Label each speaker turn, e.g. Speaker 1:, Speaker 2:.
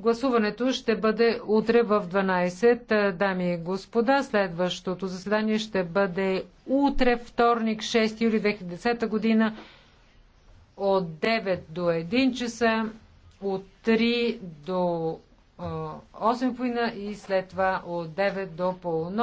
Speaker 1: Гласуването ще бъде утре в 12. Е, дами и господа, следващото заседание ще бъде утре, вторник, 6 юли 2010 година от 9 до 1 часа, от 3 до 8 е, и след това от 9 до полунощ.